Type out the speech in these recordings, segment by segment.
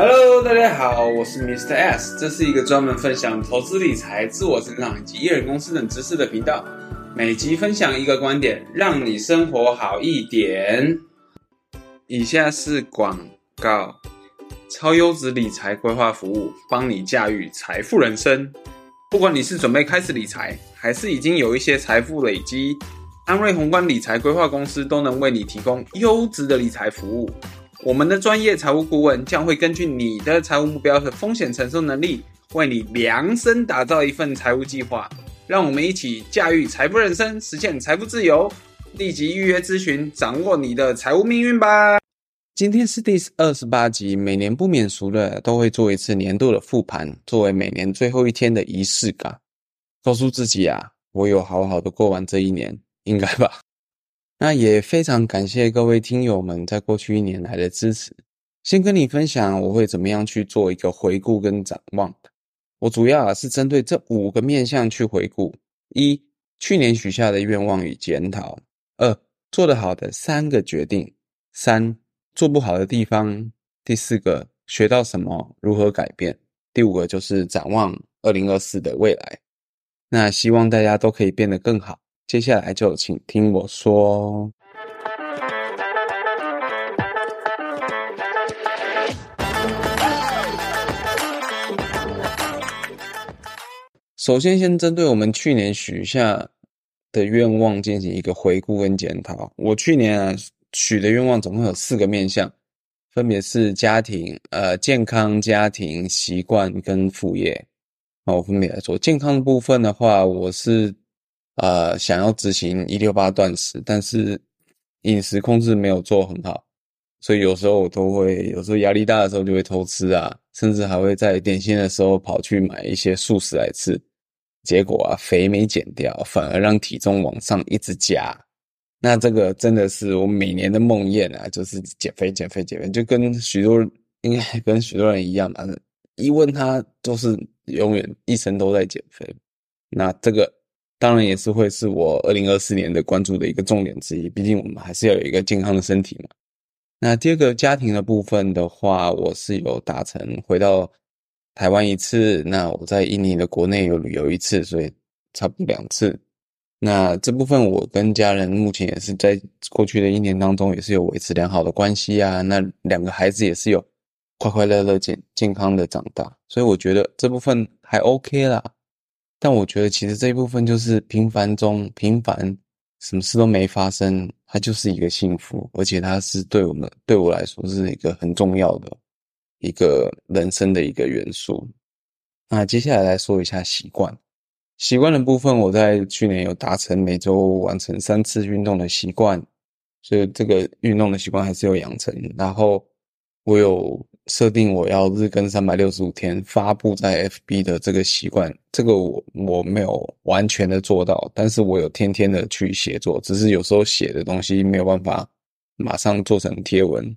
Hello，大家好，我是 Mr. S，這是一個專門分享投資理財、自我成長以及一人公司等知識的頻道。每集分享一個觀點，讓你生活好一點。以下是廣告：超優質理財規劃服務，幫你駕馭財富人生。不管你是準備開始理財，還是已經有一些財富累積，安睿宏觀理財規劃公司都能為你提供優質的理財服務。我們的專業財務顧問將會根據你的財務目標和風險承受能力，為你量身打造一份財務計劃。讓我們一起駕馭財富人生，實現財富自由。立即預約諮詢，掌握你的財務命運吧！今天是第二十八集，每年不免俗的都會做一次年度的復盤，作為每年最後一天的儀式感。告訴自己啊，我有好好的過完這一年，應該吧？ 那也非常感謝各位聽友們在過去一年來的支持。先跟你分享我會怎麼樣去做一個回顧跟展望。我主要啊是針對這五個面向去回顧：一、去年許下的願望與檢討；二、做得好的三個決定；三、做不好的地方；第四個，學到什麼，如何改變；第五個就是展望二零二四的未來。那希望大家都可以變得更好。接下來就請聽我說。首先，先針對我們去年許下的願望進行一個回顧跟檢討。我去年啊許的願望總共有四個面向，分別是家庭、呃，健康、家庭習慣跟副業。好，我分別來說，健康的部分的話，我是。呃，想要執行一六八斷食，但是飲食控制沒有做很好，所以有時候我都會，有時候壓力大的時候就會偷吃啊，甚至還會在點心的時候跑去買一些速食來吃，結果啊，肥沒減掉，反而讓體重往上一直加。那這個真的是我每年的夢魘啊，就是減肥、減肥、減肥，就跟許多人，應該跟許多人一樣嘛，一問他都是永遠一生都在減肥。那這個。當然也是會是我二零二四年的關注的一個重點之一，畢竟我們還是要有一個健康的身體嘛。那第二個家庭的部分的話，我是有達成回到台灣一次，那我在印尼的國內有旅遊一次，所以差不多兩次。那這部分我跟家人目前也是在過去的一年當中也是有維持良好的關係啊，那兩個孩子也是有快快樂樂、健健康的長大，所以我覺得這部分還 OK 啦。但我覺得其實這一部分就是平凡中平凡，什麼事都沒發生，它就是一個幸福，而且它是對我們對我來說是一個很重要的一個人生的一個元素。那接下來來說一下習慣，習慣的部分我在去年有達成每周完成三次運動的習慣，所以這個運動的習慣還是有養成。然後我有。設定我要日更三百六十五天，發布在 FB 的這個習慣，這個我我沒有完全的做到，但是我有天天的去寫作，只是有時候寫的東西沒有辦法馬上做成貼文。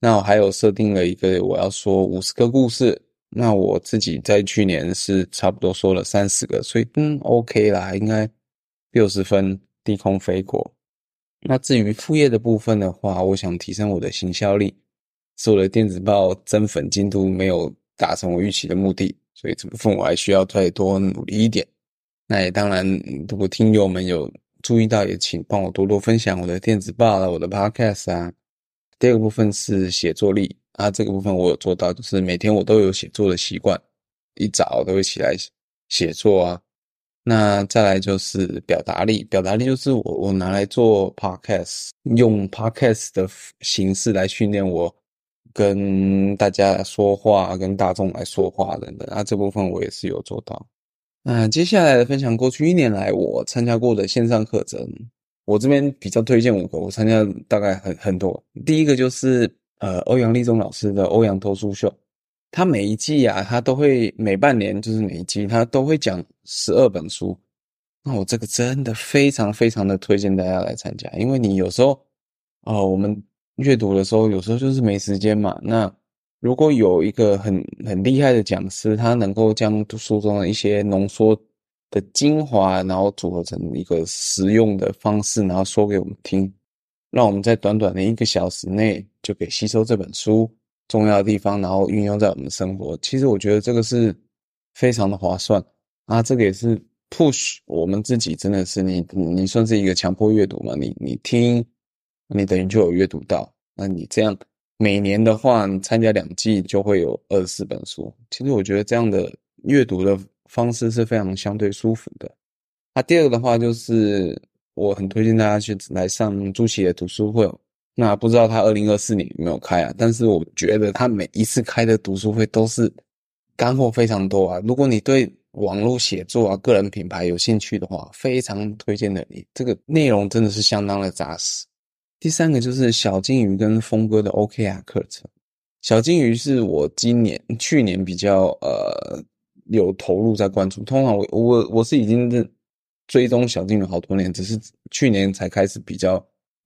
那我還有設定了一個我要說五十個故事，那我自己在去年是差不多說了三十個，所以嗯 OK 啦，應該六十分低空飛過。那至於副業的部分的話，我想提升我的行銷力。是我的電子報增粉進度沒有達成我預期的目的，所以這部分我還需要再多努力一點。那也當然，如果聽友們有注意到，也請幫我多多分享我的電子報啊，我的 Podcast 啊。第二個部分是寫作力啊，這個部分我有做到，就是每天我都有寫作的習慣，一早都會起來寫作啊。那再來就是表達力，表達力就是我我拿來做 Podcast，用 Podcast 的形式來訓練我。跟大家說話，跟大眾來說話等等，啊，這部分我也是有做到。那接下來的分享，過去一年來我參加過的線上課程，我這邊比較推薦五個。我參加大概很很多，第一個就是呃歐陽立中老師的《歐陽 Talk 書秀》，他每一季啊，他都會每半年，就是每一季他都會講十二本書。那我這個真的非常非常的推薦大家來參加，因為你有時候啊，呃，我們。閱讀的時候，有時候就是沒時間嘛。那如果有一個很很厲害的講師，他能夠將書中的一些濃縮的精華，然後組合成一個實用的方式，然後說給我們聽，讓我們在短短的一個小時內就可以吸收這本書重要的地方，然後運用在我們生活。其實我覺得這個是非常的划算啊！這個也是 push 我們自己，真的是你你算是一個強迫閱讀嘛？你你聽。你等於就有閱讀到，那你這樣每年的話，你參加兩季就會有二十四本書。其實我覺得這樣的閱讀的方式是非常相對舒服的。那、啊、第二個的話，就是我很推薦大家去來上朱騏的讀書會。那不知道他二零二四年有沒有開啊？但是我覺得他每一次開的讀書會都是乾貨非常多啊。如果你對網絡寫作啊、個人品牌有興趣的話，非常推薦的你。這個內容真的是相當的扎實。第三個就是小金魚跟峰哥的 OKR 課程。小金魚是我今年、去年比較呃有投入在關注。通常我、我、我是已經是追蹤小金魚好多年，只是去年才開始比較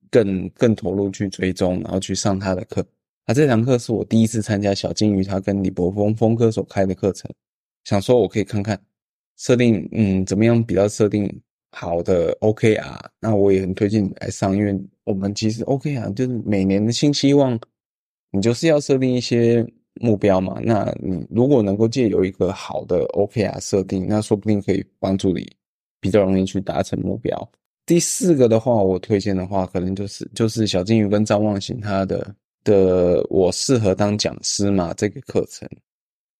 更更投入去追蹤，然後去上他的課。啊，這堂課是我第一次參加小金魚他跟李柏鋒峰哥所開的課程，想說我可以看看設定，嗯，怎麼樣比較設定好的 OKR，那我也很推薦你來上，因為。我們其實 OK 啊，就是每年的新希望，你就是要設定一些目標嘛。那你如果能夠借由一個好的 OK 啊設定，那說不定可以幫助你比較容易去達成目標。第四個的話，我推薦的話，可能就是就是小金魚跟張忘形他的的我適合當講師嘛，這個課程，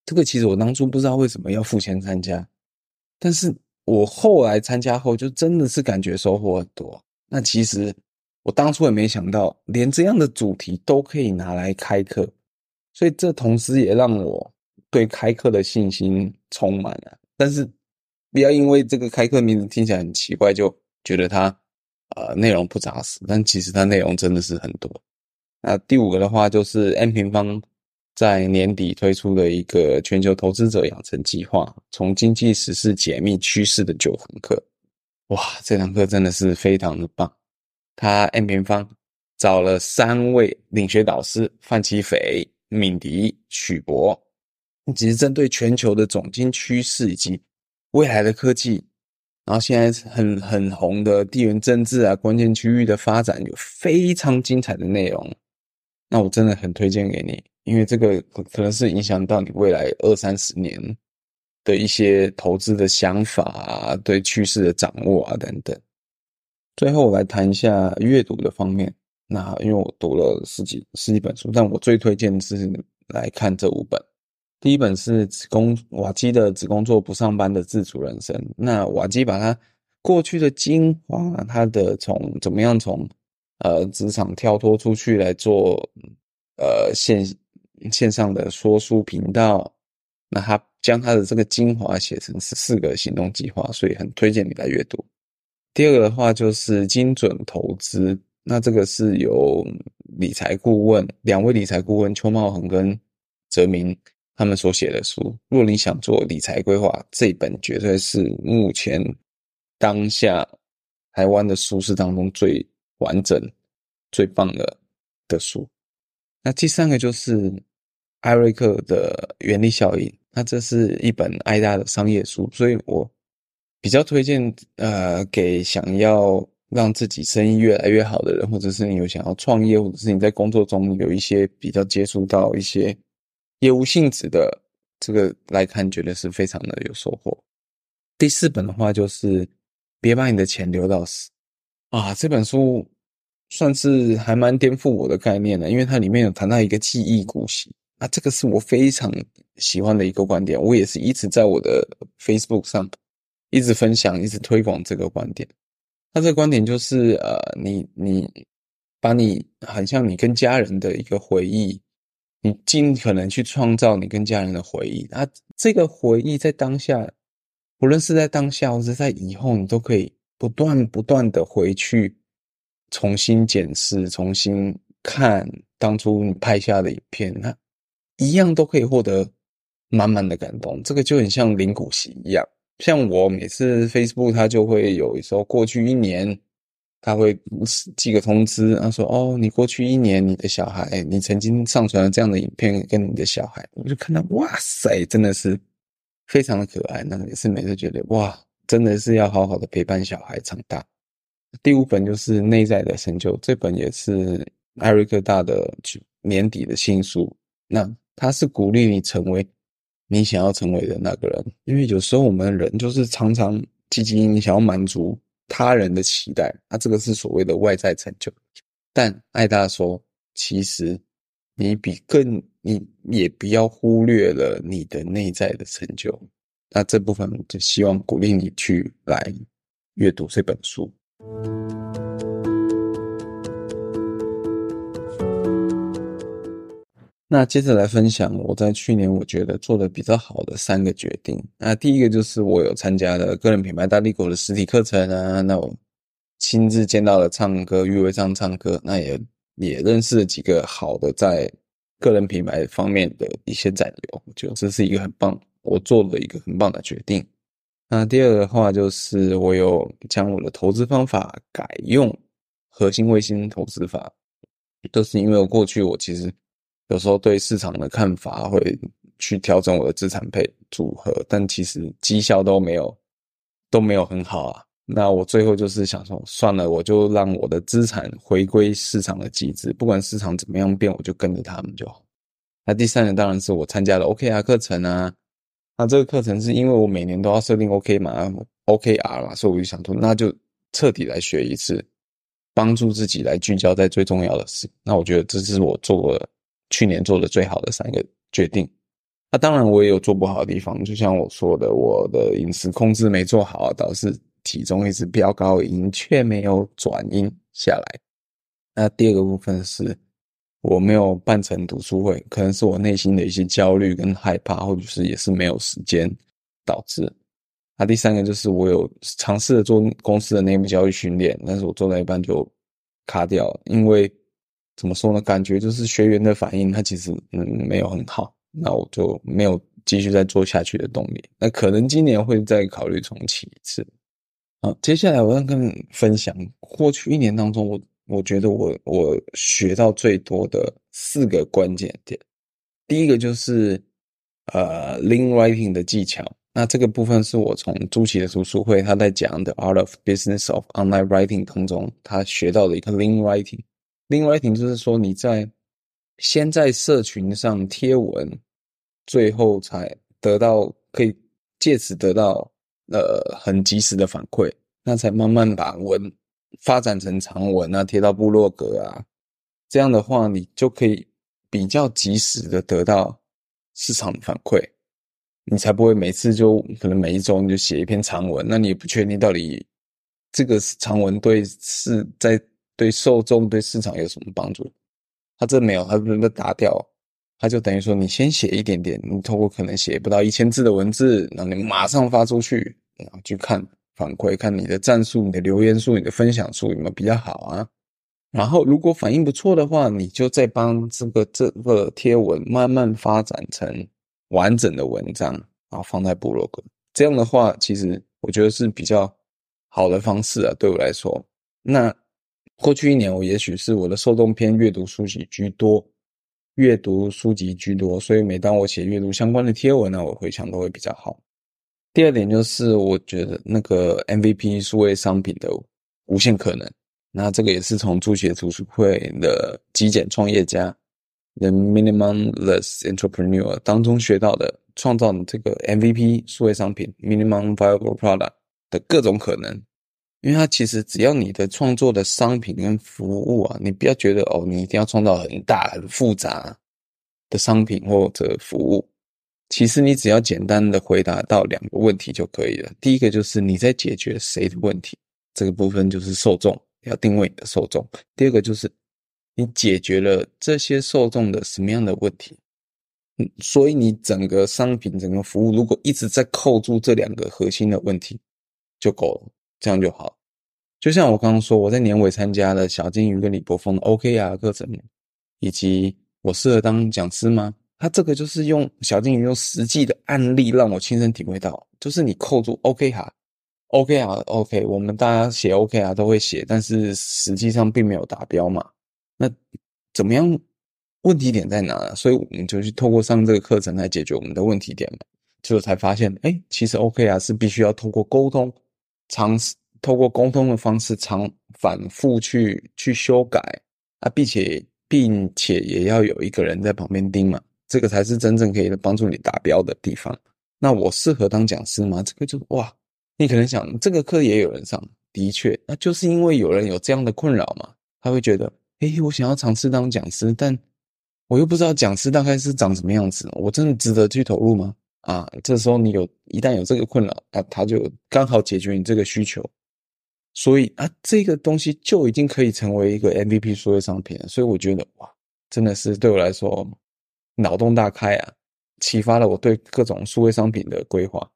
這個其實我當初不知道為什麼要付錢參加，但是我後來參加後就真的是感覺收穫很多。那其實。我當初也沒想到，連這樣的主題都可以拿來開課，所以這同時也讓我對開課的信心充滿了。但是，不要因為這個開課名字聽起來很奇怪，就覺得它呃內容不紮實。但其實它內容真的是很多。那第五個的話，就是 M 平方在年底推出了一個全球投資者養成計劃——從經濟時事解密趨勢的九堂課。哇，這堂課真的是非常的棒！他 M 平方找了三位領學導師：范其斐、敏迪、許博，只是針對全球的總經趨勢以及未來的科技，然後現在很很紅的地緣政治啊、關鍵區域的發展，有非常精彩的內容。那我真的很推薦給你，因為這個可能是影響到你未來二三十年的一些投資的想法啊、對趨勢的掌握啊等等。最後，我來談一下閱讀的方面。那因為我讀了十幾十幾本書，但我最推薦是來看這五本。第一本是只《只工瓦基的只工作不上班的自主人生》。那瓦基把他過去的精華，他的從怎麼樣從呃職場跳脫出去來做呃線線上的說書頻道，那他將他的這個精華寫成十四個行動計劃，所以很推薦你來閱讀。第二個的話就是精準投資，那這個是由理財顧問兩位理財顧問邱茂恆跟澤明他們所寫的書。若你想做理財規劃，這本絕對是目前當下台灣的書市當中最完整、最棒的的書。那第三個就是愛瑞克的原力效應，那這是一本愛大的商業書，所以我。比較推薦呃，給想要讓自己生意越來越好的人，或者是你有想要創業，或者是你在工作中有一些比較接觸到一些業務性質的這個來看，覺得是非常的有收穫。第四本的話就是《別把你的錢留到死》啊，這本書算是還蠻顛覆我的概念的，因為它裡面有談到一個記憶股息啊，這個是我非常喜歡的一個觀點，我也是一直在我的 Facebook 上。一直分享，一直推廣這個觀點。那這個觀點就是，呃，你你把你很像你跟家人的一個回憶，你盡可能去創造你跟家人的回憶。那這個回憶在當下，無論是在當下或是在以後，你都可以不斷不斷的回去重新檢視，重新看當初你拍下的影片，那一樣都可以獲得滿滿的感動。這個就很像林谷溪一樣。像我每次 Facebook，他就會有一時候過去一年，他會寄個通知，他說：“哦，你過去一年你的小孩，欸、你曾經上傳了這樣的影片跟你的小孩。”我就看到，哇塞，真的是非常的可愛。那個、也是每次覺得，哇，真的是要好好的陪伴小孩長大。第五本就是內在的成就，這本也是艾瑞克大的年底的新書。那他是鼓勵你成為。你想要成為的那個人，因為有時候我們人就是常常積極你想要滿足他人的期待，那、啊、這個是所謂的外在成就。但艾大說，其實你比更，你也不要忽略了你的內在的成就。那這部分，我就希望鼓勵你去來閱讀這本書。那接着來分享我在去年我覺得做的比較好的三個決定。那第一個就是我有參加的個人品牌大帝國的實體課程啊，那我親自見到了唱歌、與會上唱歌，那也也認識了幾個好的在個人品牌方面的一些戰友，我覺得這是一個很棒，我做了一個很棒的決定。那第二個的話就是我有將我的投資方法改用核心衛星投資法，都、就是因為我過去我其實。有時候對市場的看法會去調整我的資產配組合，但其實績效都沒有都沒有很好啊。那我最後就是想說，算了，我就讓我的資產回歸市場的機制，不管市場怎麼樣變，我就跟着他們就好。那第三點當然是我參加了 OKR 課程啊。那這個課程是因為我每年都要設定 OK 嘛，OKR 嘛，所以我就想說，那就徹底來學一次，幫助自己來聚焦在最重要的事。那我覺得這是我做的。去年做的最好的三個決定，那、啊、當然我也有做不好的地方，就像我說的，我的飲食控制沒做好，導致體重一直飆高，音卻沒有轉陰下來。那第二個部分是我沒有辦成讀書會，可能是我內心的一些焦慮跟害怕，或者是也是沒有時間導致。那第三個就是我有嘗試着做公司的內部教育訓練，但是我做到一半就卡掉了，因為。怎麼說呢？感覺就是學員的反應，他其實嗯沒有很好，那我就沒有繼續再做下去的動力。那可能今年會再考慮重啟一次。好，接下來我要跟你分享過去一年當中我，我我覺得我我學到最多的四個關鍵點。第一個就是呃，lean writing 的技巧。那這個部分是我從朱琪的讀書會，他在講的 The Art of Business of Online Writing 當中，他學到的一個 lean writing。另外一點就是說，你在先在社群上貼文，最後才得到可以借此得到呃很及時的反饋，那才慢慢把文發展成長文啊，貼到部落格啊。這樣的話，你就可以比較及時的得到市場的反饋，你才不會每次就可能每一週你就寫一篇長文，那你也不確定到底這個長文對是在。對受眾、對市場有什麼幫助？他這沒有，他不能夠打掉，他就等於說，你先寫一點點，你通過可能寫不到一千字的文字，然後你馬上發出去，然後去看反饋，看你的讚數、你的留言數、你的分享數有沒有比較好啊？然後如果反應不錯的話，你就再幫這個這個貼文慢慢發展成完整的文章，然後放在部落格。這樣的話，其實我覺得是比較好的方式啊。對我來說，那。過去一年，我也許是我的受眾偏閱讀書籍居多，閱讀書籍居多，所以每當我寫閱讀相關的貼文，呢，我回想都會比較好。第二點就是，我覺得那個 MVP 數位商品的無限可能，那這個也是從助學讀書會的極簡創業家 The Minimum Less Entrepreneur 當中學到的，創造的這個 MVP 數位商品 Minimum Viable Product 的各種可能。因為它，其實只要你的創作的商品跟服務啊，你不要覺得哦，你一定要創造很大很複雜的商品或者服務。其實你只要簡單的回答到兩個問題就可以了。第一個就是你在解決誰的問題，這個部分就是受眾，要定位你的受眾。第二個就是你解決了這些受眾的什麼樣的問題。嗯，所以你整個商品、整個服務如果一直在扣住這兩個核心的問題就夠了。這樣就好，就像我剛剛說，我在年尾參加了小金魚跟李伯峰的 OKR 課程，以及我適合當講師嗎？他這個就是用小金魚用實際的案例讓我親身體會到，就是你扣住 OK 哈、啊、，OK 啊 OK，我們大家寫 OKR 都會寫，但是實際上並沒有達標嘛。那怎麼樣？問題點在哪啊？所以我們就去透過上這個課程來解決我們的問題點嘛，就才發現，哎，其實 OKR 是必須要透過溝通。嘗試透過溝通的方式常，常反覆去去修改啊，並且並且也要有一個人在旁邊盯嘛，這個才是真正可以幫助你達標的地方。那我適合當講師嗎？這個就是哇，你可能想這個課也有人上，的確，那就是因為有人有這樣的困擾嘛，他會覺得，誒、欸，我想要嘗試當講師，但我又不知道講師大概是長什麼樣子，我真的值得去投入嗎？啊，這時候你有，一旦有這個困擾，那、啊、他就剛好解決你這個需求，所以啊，這個東西就已經可以成為一個 MVP 數位商品了。所以我覺得哇，真的是對我來說腦洞大開啊，啟發了我對各種數位商品的規劃。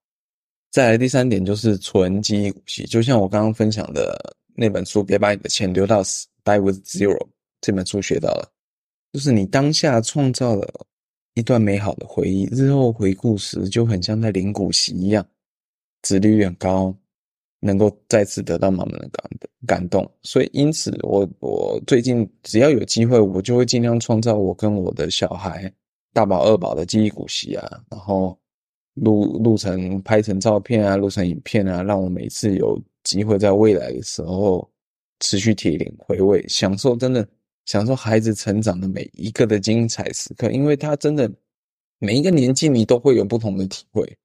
再來第三點就是存記憶股息，就像我剛剛分享的那本書《別把你的錢留到死》，《Die With Zero》這本書學到了，就是你當下創造的。一段美好的回憶，日後回顧時就很像在領股息一樣，殖利率很高，能夠再次得到滿滿的感感動。所以因此我，我我最近只要有機會，我就會盡量創造我跟我的小孩大寶、二寶的記憶股息啊，然後錄錄成拍成照片啊，錄成影片啊，讓我每次有機會在未來的時候持續提領回味、享受真的。享受孩子成長的每一個的精彩時刻，因為他真的每一個年紀你都會有不同的體會，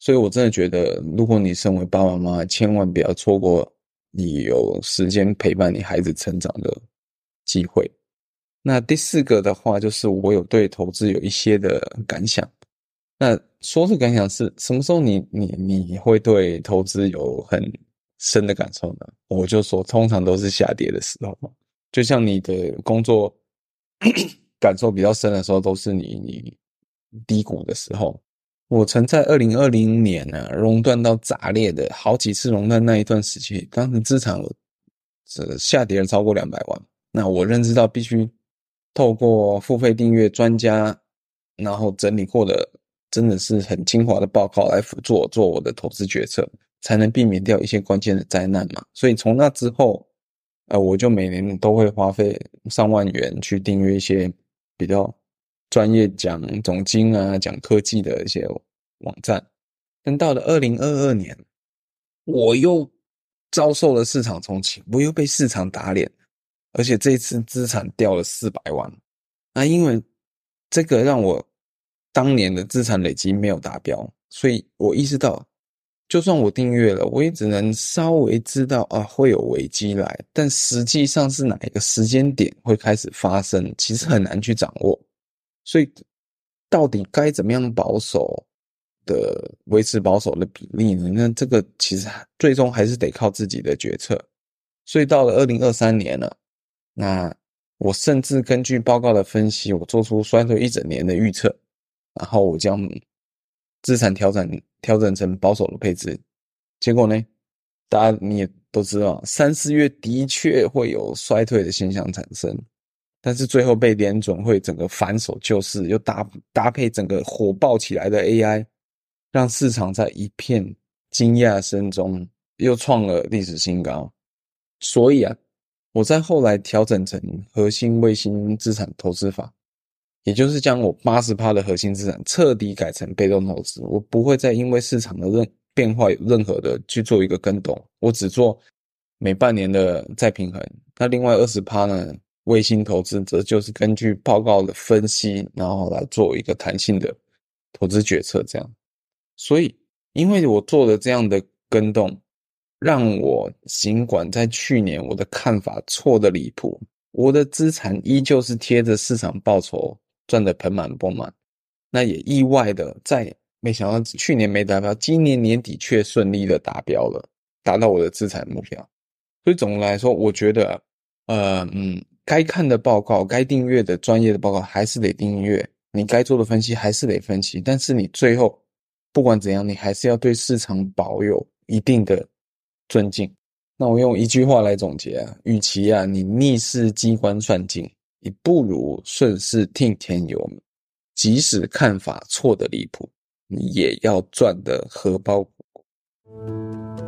所以我真的覺得，如果你身為爸爸媽媽，千萬不要錯過你有時間陪伴你孩子成長的機會。那第四個的話，就是我有對投資有一些的感想。那說是感想，是什麼時候你，你你你會對投資有很深的感受呢？我就說，通常都是下跌的時候嘛。就像你的工作 感受比較深的時候，都是你你低谷的時候。我曾在二零二零年呢、啊，熔斷到炸裂的好幾次熔斷那一段時期，當時資產呃下跌了超過兩百萬。那我認知到必須透過付費訂閱專家，然後整理過的真的是很精華的報告來輔助我做我的投資決策，才能避免掉一些關鍵的災難嘛。所以從那之後。啊，我就每年都會花費上萬元去訂閱一些比較專業講總經啊、講科技的一些網站。但到了二零二二年，我又遭受了市場衝擊，我又被市場打臉，而且這次資產掉了四百萬。那、啊、因為這個讓我當年的資產累積沒有達標，所以我意識到。就算我訂閱了，我也只能稍微知道啊會有危機來，但實際上是哪一個時間點會開始發生，其實很難去掌握。所以，到底該怎麼樣保守的維持保守的比例呢？那這個其實最終還是得靠自己的決策。所以到了二零二三年了，那我甚至根據報告的分析，我做出衰退一整年的預測，然後我將。資產調整調整成保守的配置，結果呢？大家你也都知道，三四月的確會有衰退的現象產生，但是最後被聯準會整個反手救市，又搭搭配整個火爆起來的 AI，讓市場在一片驚訝聲中又創了歷史新高。所以啊，我在後來調整成核心衛星資產投資法。也就是將我八十趴的核心資產徹底改成被動投資，我不會再因為市場的任變化有任何的去做一個更動，我只做每半年的再平衡。那另外二十趴呢，衛星投資則就是根據報告的分析，然後來做一個彈性的投資決策。這樣，所以因為我做了這樣的更動，讓我儘管在去年我的看法錯得離譜，我的資產依舊是貼着市場報酬。賺得盆滿缽滿，那也意外的，在沒想到去年沒達標，今年年底卻順利的達標了，達到我的資產目標。所以總的來說，我覺得，呃嗯，該看的報告，該訂閱的專業的報告還是得訂閱，你該做的分析還是得分析，但是你最後，不管怎樣，你還是要對市場保有一定的尊敬。那我用一句話來總結啊，與其啊你逆勢機關算盡。你不如順勢聽天由命，即使看法錯的離譜，你也要賺得荷包鼓。嗯、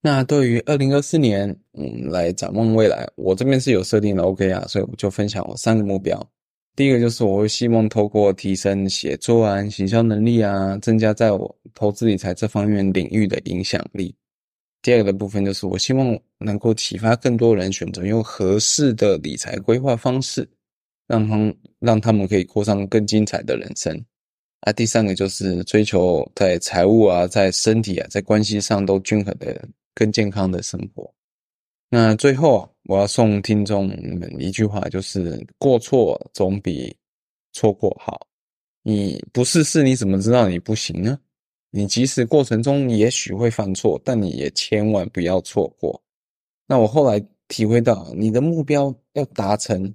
那對於二零二四年，嗯，我們來展望未來，我這邊是有設定的，OK 啊，所以我就分享我三個目標。第一個就是我會希望透過提升寫作啊、行銷能力啊，增加在我投資理財這方面領域的影響力。第二個的部分就是，我希望能夠啟發更多人選擇用合適的理財規劃方式讓他們，讓他們可以過上更精彩的人生。啊，第三個就是追求在財務啊、在身體啊、在關係上都均衡的、更健康的生活。那最後啊，我要送聽眾們一句話，就是：過錯總比錯過好。你不試試，你怎麼知道你不行呢？你即使過程中也許會犯錯，但你也千萬不要錯過。那我後來體會到，你的目標要達成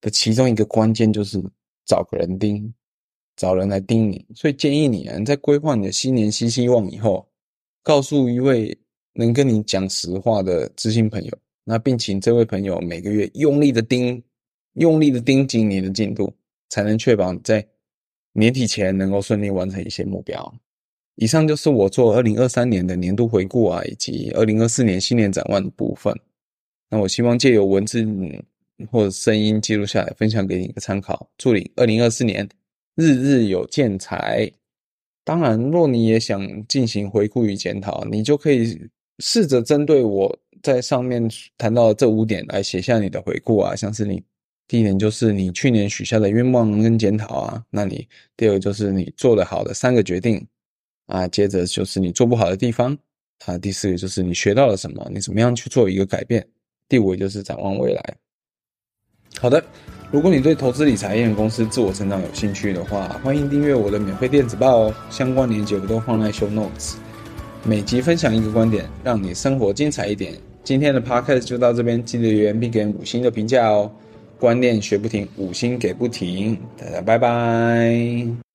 的其中一個關鍵就是找個人盯，找人來盯你。所以建議你啊，你在規劃你的新年新希望以後，告訴一位能跟你講實話的知心朋友，那並請這位朋友每個月用力的盯，用力的盯緊你的進度，才能確保你在年底前能夠順利完成一些目標。以上就是我做二零二三年的年度回顧啊，以及二零二四年新年展望的部分。那我希望借由文字或者聲音記錄下來，分享給你一個參考，祝你二零二四年日日有建材，當然，若你也想進行回顧與檢討，你就可以試着針對我在上面談到的這五點來寫下你的回顧啊，像是你第一點就是你去年許下的願望跟檢討啊，那你第二就是你做得好的三個決定。啊，接着就是你做不好的地方，啊，第四個就是你學到了什麼，你怎麼樣去做一個改變，第五個就是展望未來。好的，如果你對投資理財、一人公司自我成長有興趣的話，歡迎訂閱我的免費電子報哦，相關鏈接我都放在 Show Notes。每集分享一個觀點，讓你生活精彩一點。今天的 Podcast 就到這邊，記得留言並給五星的評價哦，觀念學不停，五星給不停，大家拜拜。